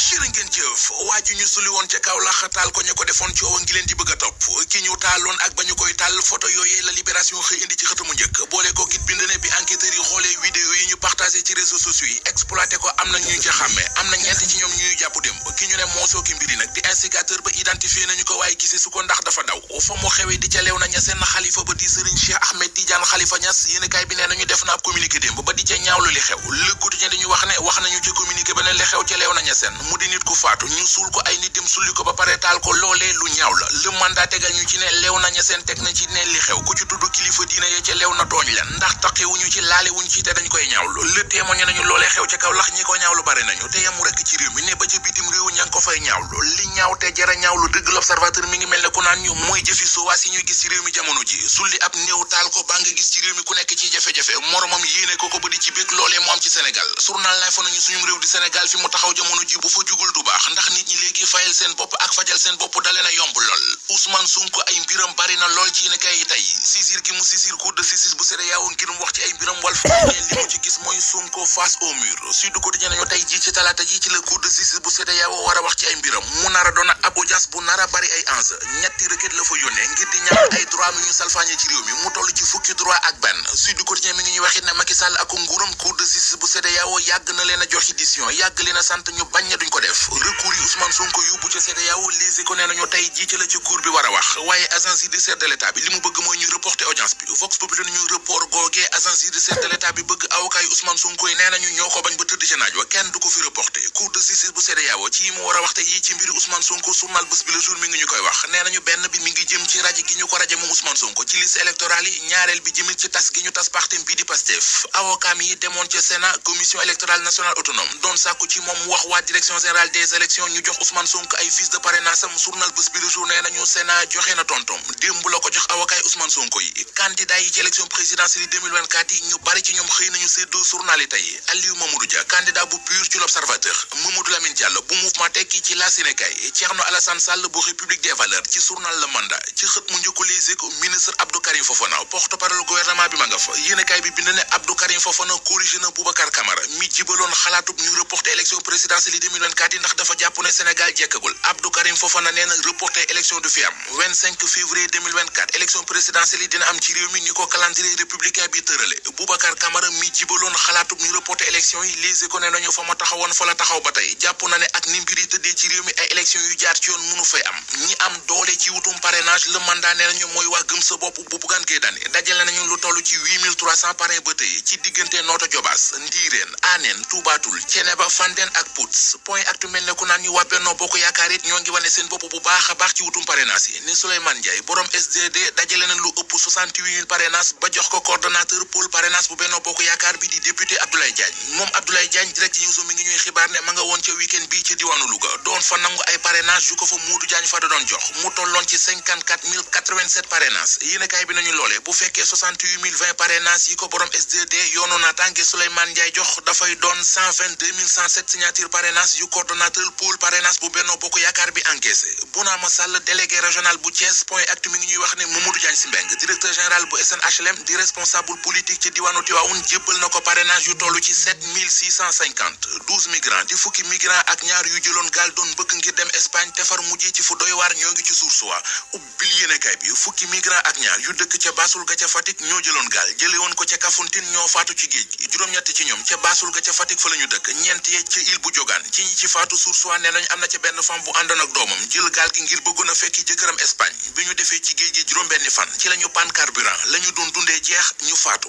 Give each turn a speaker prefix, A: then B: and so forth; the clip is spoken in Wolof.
A: jërë ngeen jëf waa ji ñu suli woon ca kaw lax taal ko ñu ko defoon coowa ngi leen di bëgg a topp ki ñu taaloon ak ba ñu koy taal photo yooyee la libération xëy indi ci xëtamu njëkk partagé ci réseaux ko am na ñu ci xàmmee am na ñeent ci ñoom ñuy jàpp dem ki ñu ne moosoo ki mbiri nag di instigateur ba identifié nañu ko waaye gisee su ko ndax dafa daw fa mu xewee di ca leew na ña xalifa ba di sëriñ Cheikh Ahmed Tidiane Khalifa Niass yéenekaay bi na ab communiqué démb ba di ca ñaawlu li i Le Quotidien dañuy wax ne wax nañu ci communiqué ba ne li xew ca leew na ña seen mu di nit ku faatu ñu suul ko ay nit dem sulli ko ba pare taal ko loolee lu ñaaw la le mandat ñu ci ne leew na ña na ci ne li xew ku ci tudd kilifa diina yee ca leew na tooñ leen ndax taqewuñu ci le témoigné nañu loolee xew ci Kaolack ñi ko ñaawlu bari nañu te yemu rekk ci réew mi ne ba ca bitim réew ña ngi ko fay ñaawlu li ñaaw te jara ñaawlu dëgg l'observateur mi ngi mel ne ku naan ñu mooy jëfi suwaas yi ñuy gis ci réew mi jamono ji sulli ab néew taal ko baa nga gis ci réew mi ku nekk ci jafe-jafe moromam yéene ko ko ba di ci bëgg loolee mu am ci Sénégal journal l'info nañu suñu réew di Sénégal fi mu taxaw jamono ji bu fa jugul du na yomb lool Ousmane Sonko gi mu sisir cour de justice bu e e wax ci Sonko face au mur Sud Quotidien nañu a wax ci ay mbiram ko def nañu tey ji la ci cour bi war a wax waaye agence judiciaire de l'État bi li mu bëgg mooy ñu reporter audience bi Vox Populi ñu report googee agence judiciaire de l'État bi bëgg awkaay Ousmane Ousmane Sonko yi nee nañu ñoo ko ba tëdd wa kenn du ko fi reporté cour de justice bu CEDEAO ci mu war a yi ci mbiri Ousmane Sonko surnaal bés bi le jour ngi ñu koy wax nee nañu benn bi mi ngi jëm ci raje gi ñu ko raje moom Ousmane Sonko ci liste électorale yi ñaareel bi jëmit ci tas gi ñu tas parti bi di Pastef avocat yi demoon ca Sénat commission électorale nationale autonome doon sàkku ci moom mu wax waa direction générale des élections journal yi tey Aliou Mamadou Dia candidat bu pur ci l'observateur Mamadou Lamine Diallo bu mouvement tekki ci la Sénégal Thierno Alassane Sall bu république des valeurs ci journal Le Mandat ci xët mu njëkk Les ministre Abdou Karim Fofana porte-parole gouvernement bi ma nga fa yéenekaay bi bind ne Abdou Karim Fofana corrigé na Boubacar mi jibaloon xalaatub ñu reporter élection présidentielle yi ndax dafa jàpp ne Sénégal jekkagul Abdou Karim Fofana nee xalaatub ñu reporté élection yi Les Échos ne nañu fa ma taxawoon fa la taxaw ba tey jàpp na ne ak ni mbir yi tëddee ci réew mi ay élection yu jaar ci yoon mënu fay am ñi am doole ci wutum parrainage le mandat ne nañu mooy waa sa bopp bu Bougane Gueye Dany dajale nañu lu toll ci 8300 parrain ba tey ci diggante nooto Diobass Ndiireen Anen Tuubaatul Ceneba Fandène ak Pout point actu mel ne naan ñu waa Benno Bokk Yaakaar it ñoo ngi wane seen bopp bu baax a baax ci wutum parrainage lu ëpp 68000 jox ko coordonnateur pôle parrainage bu Benno Bokk bi di député Abdoulaye Diagne moom Abdoulaye Diagne direct news mi ngi ñuy xibaar ne ma nga woon ca week-end bi ci diwaanu Louga doon fa nangu ay parrainage yu ko fa Modou Diagne Fada doon jox mu tolloon ci 54 bu fekkee Benno Bokk Yaakaar bi encaissé Bounama Sall délégué régional bu Thiès point actu mi ngi ñuy wax ne Mamadou Diagne Simbeng directeur général bu SNHLM di responsable politique ci diwaanu Tivaouane jébbal na ko parrainage yu toll ci 7650 12 migrants ci fukki migrants ak ñaar yu jëloon gaal doon bëgg ngir dem Espagne te far mujjee ci fu doy waar ñoo ngi ci source wa ubbil yéenekaay bi fukki migrants ak ñaar yu dëkk ca baasul ga ca Fatick ñoo jëloon gaal jële woon ko ca Kafountine ñoo faatu ci géej gi juróom-ñett ci ñoom ca baasul ga ca Fatick fa la ñu dëkk ñeent yee ca île bu jogaan ci ñi ci faatu source wa ne am na ca benn femme bu àndoon ak doomam jël gaal gi ngir bëggoon a fekki jëkkëram Espagne bi ñu defee ci géej gi juróom-benni fan ci la ñu panne carburant la ñu doon dundee jeex ñu faatu